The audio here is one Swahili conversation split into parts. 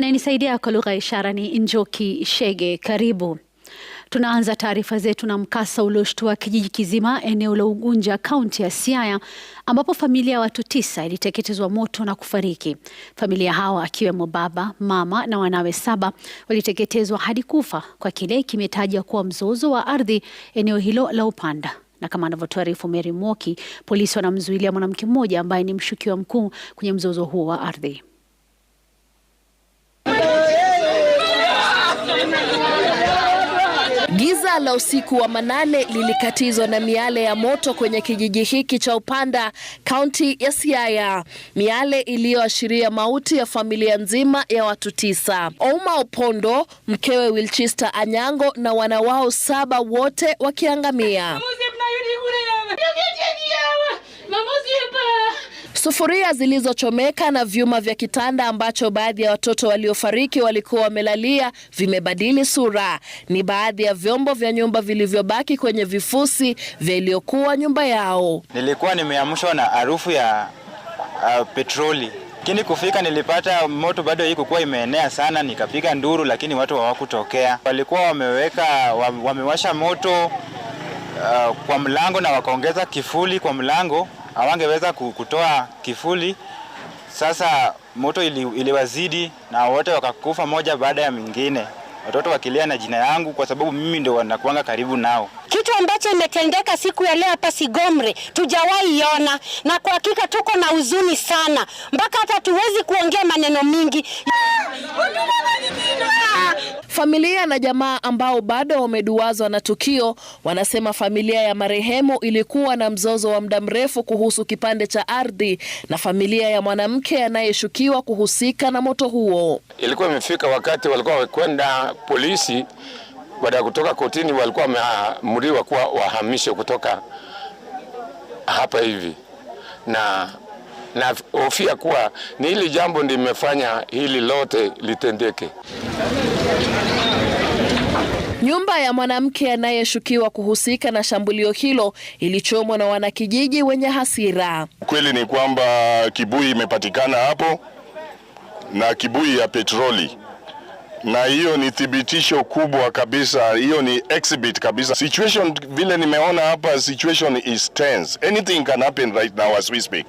Anayenisaidia kwa lugha ya ishara ni Njoki Shege, karibu. Tunaanza taarifa zetu na mkasa ulioshtua kijiji kizima eneo la Ugunja, kaunti ya Siaya, ambapo familia ya watu tisa iliteketezwa moto na kufariki. Familia hawa akiwemo baba, mama na wanawe saba waliteketezwa hadi kufa kwa kile kimetajwa kuwa mzozo wa ardhi eneo hilo la Upanda. Na kama anavyotuarifu Mary Mwoki, polisi wanamzuilia mwanamke mmoja ambaye ni mshukiwa mkuu kwenye mzozo huo wa ardhi. Giza la usiku wa manane lilikatizwa na miale ya moto kwenye kijiji hiki cha Upanda, kaunti ya Siaya, miale iliyoashiria mauti ya familia nzima ya watu tisa. Ouma Opondo, mkewe Wilchester Anyango na wana wao saba, wote wakiangamia. Sufuria zilizochomeka na vyuma vya kitanda ambacho baadhi ya watoto waliofariki walikuwa wamelalia vimebadili sura. Ni baadhi ya vyombo vya nyumba vilivyobaki kwenye vifusi vya iliyokuwa nyumba yao. Nilikuwa nimeamshwa na harufu ya uh, petroli lakini kufika nilipata moto bado hii kukuwa imeenea sana, nikapiga nduru, lakini watu hawakutokea. Walikuwa wameweka wamewasha moto uh, kwa mlango na wakaongeza kifuli kwa mlango hawangeweza kutoa kifuli. Sasa moto ili, iliwazidi na wote wakakufa moja baada ya mwingine, watoto wakilia na jina yangu kwa sababu mimi ndio wanakuanga karibu nao. Kitu ambacho imetendeka siku ya leo hapa Sigomre tujawahi ona, na kwa hakika tuko na huzuni sana, mpaka hata tuwezi kuongea maneno mingi Familia na jamaa ambao bado wameduazwa na tukio wanasema familia ya marehemu ilikuwa na mzozo wa muda mrefu kuhusu kipande cha ardhi na familia ya mwanamke anayeshukiwa kuhusika na moto huo. Ilikuwa imefika wakati walikuwa wakwenda polisi, baada ya kutoka kotini walikuwa wameamriwa kuwa wahamishe kutoka hapa hivi na na hofia kuwa ni hili jambo ndimefanya hili lote litendeke. Nyumba ya mwanamke anayeshukiwa kuhusika na shambulio hilo ilichomwa na wanakijiji wenye hasira. Kweli ni kwamba kibui imepatikana hapo na kibui ya petroli, na hiyo ni thibitisho kubwa kabisa, hiyo ni exhibit kabisa. Situation vile nimeona hapa, situation is tense, anything can happen right now as we speak.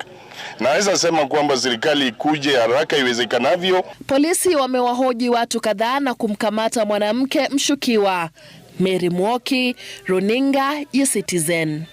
Naweza sema kwamba serikali ikuje haraka iwezekanavyo. Polisi wamewahoji watu kadhaa na kumkamata mwanamke mshukiwa. Mary Mwoki, runinga ya Citizen.